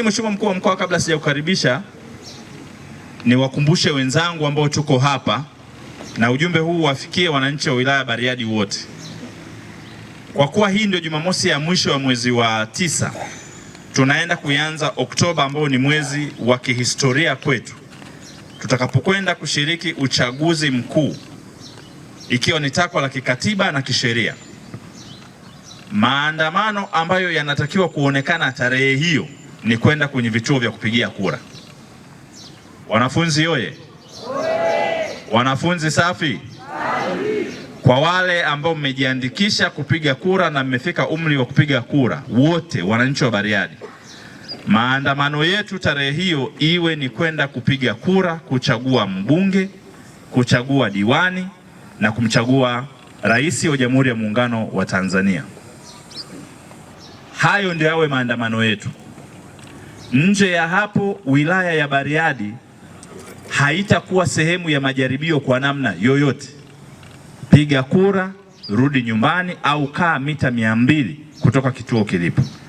Lakini Mheshimiwa Mkuu wa Mkoa, kabla sijakukaribisha, niwakumbushe wenzangu ambao tuko hapa na ujumbe huu wafikie wananchi wa wilaya Bariadi wote, kwa kuwa hii ndio Jumamosi ya mwisho wa mwezi wa tisa, tunaenda kuianza Oktoba ambao ni mwezi wa kihistoria kwetu tutakapokwenda kushiriki uchaguzi mkuu ikiwa ni takwa la kikatiba na kisheria. Maandamano ambayo yanatakiwa kuonekana tarehe hiyo ni kwenda kwenye vituo vya kupigia kura. Wanafunzi yoye, wanafunzi safi. Kwa wale ambao mmejiandikisha kupiga kura na mmefika umri wa kupiga kura, wote wananchi wa Bariadi, maandamano yetu tarehe hiyo iwe ni kwenda kupiga kura, kuchagua mbunge, kuchagua diwani na kumchagua rais wa Jamhuri ya Muungano wa Tanzania. Hayo ndio yawe maandamano yetu. Nje ya hapo, wilaya ya Bariadi haitakuwa sehemu ya majaribio kwa namna yoyote. Piga kura, rudi nyumbani, au kaa mita mia mbili kutoka kituo kilipo.